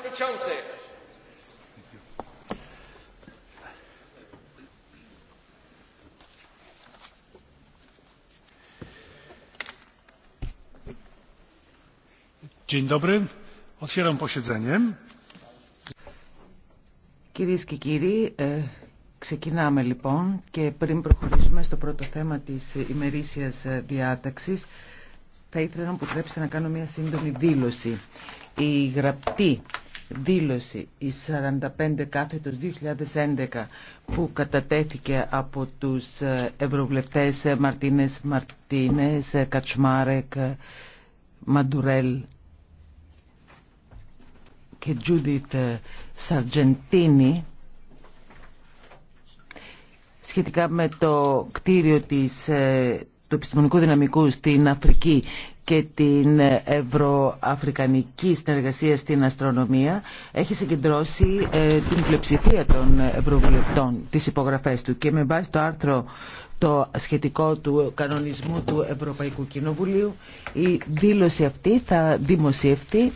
przewodniczący! Dzień dobry. Otwieram posiedzenie. Κυρίες και κύριοι, ε, ξεκινάμε λοιπόν και πριν προχωρήσουμε στο πρώτο θέμα της ημερήσιας ε, διάταξης, θα ήθελα να μου να κάνω μια σύντομη δήλωση. Η γραπτή δήλωση η 45 κάθετος 2011 που κατατέθηκε από τους ε, ευρωβουλευτές ε, Μαρτίνες Μαρτίνες, ε, Κατσμάρεκ, Μαντουρέλ και Τζούδιτ Σαρτζεντίνη σχετικά με το κτίριο της του επιστημονικού δυναμικού στην Αφρική και την ευρωαφρικανική συνεργασία στην αστρονομία έχει συγκεντρώσει ε, την πλειοψηφία των ευρωβουλευτών τις υπογραφές του και με βάση το άρθρο το σχετικό του κανονισμού του Ευρωπαϊκού Κοινοβουλίου η δήλωση αυτή θα δημοσιευτεί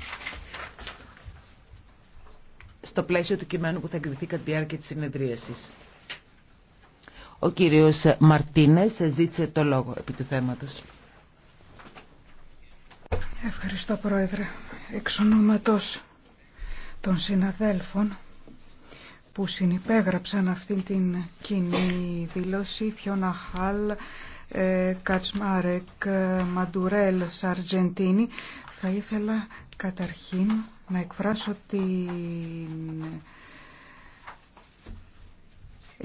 στο πλαίσιο του κειμένου που θα εγκριθεί κατά τη διάρκεια της συνεδρίασης. Ο κύριος Μαρτίνες ζήτησε το λόγο επί του θέματος. Ευχαριστώ Πρόεδρε. Εξ ονόματος των συναδέλφων που συνυπέγραψαν αυτήν την κοινή δήλωση Φιώνα Χαλ, ε, Κατσμάρεκ, ε, Μαντουρέλ, Σαρτζεντίνη θα ήθελα καταρχήν να εκφράσω την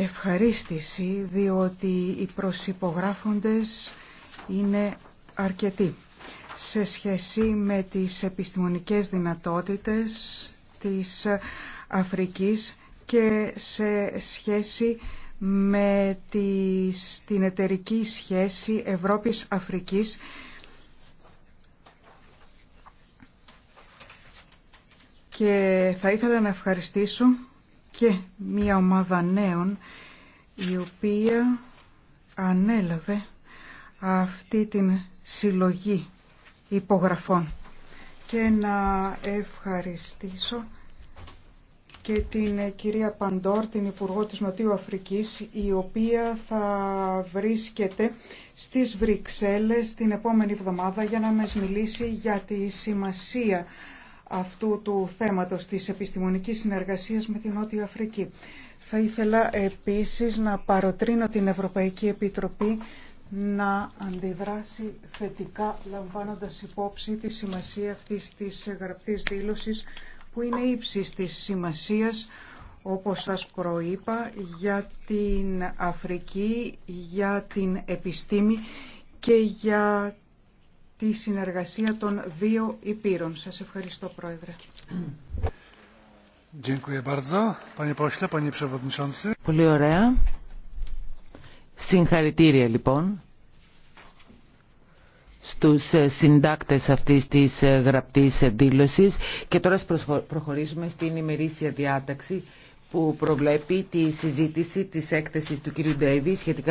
ευχαρίστηση διότι οι προσυπογράφοντες είναι αρκετοί σε σχέση με τις επιστημονικές δυνατότητες της Αφρικής και σε σχέση με τις, την εταιρική σχέση Ευρώπης-Αφρικής και θα ήθελα να ευχαριστήσω και μία ομάδα νέων η οποία ανέλαβε αυτή την συλλογή υπογραφών και να ευχαριστήσω και την κυρία Παντόρ, την Υπουργό της Νοτιού Αφρικής, η οποία θα βρίσκεται στις Βρυξέλλες την επόμενη εβδομάδα για να μας μιλήσει για τη σημασία αυτού του θέματος της επιστημονικής συνεργασίας με την Νότια Αφρική. Θα ήθελα επίσης να παροτρύνω την Ευρωπαϊκή Επιτροπή να αντιδράσει θετικά λαμβάνοντας υπόψη τη σημασία αυτής της γραπτής δήλωσης που είναι ύψης της σημασίας όπως σας προείπα για την Αφρική, για την επιστήμη και για τη συνεργασία των δύο υπήρων. Σας ευχαριστώ, Πρόεδρε. Πολύ ωραία. Συγχαρητήρια, λοιπόν, στους ε, συντάκτες αυτής της ε, γραπτής δήλωσης. Και τώρα προχωρήσουμε στην ημερήσια διάταξη που προβλέπει τη συζήτηση της έκθεσης του κ. Ντέιβι σχετικά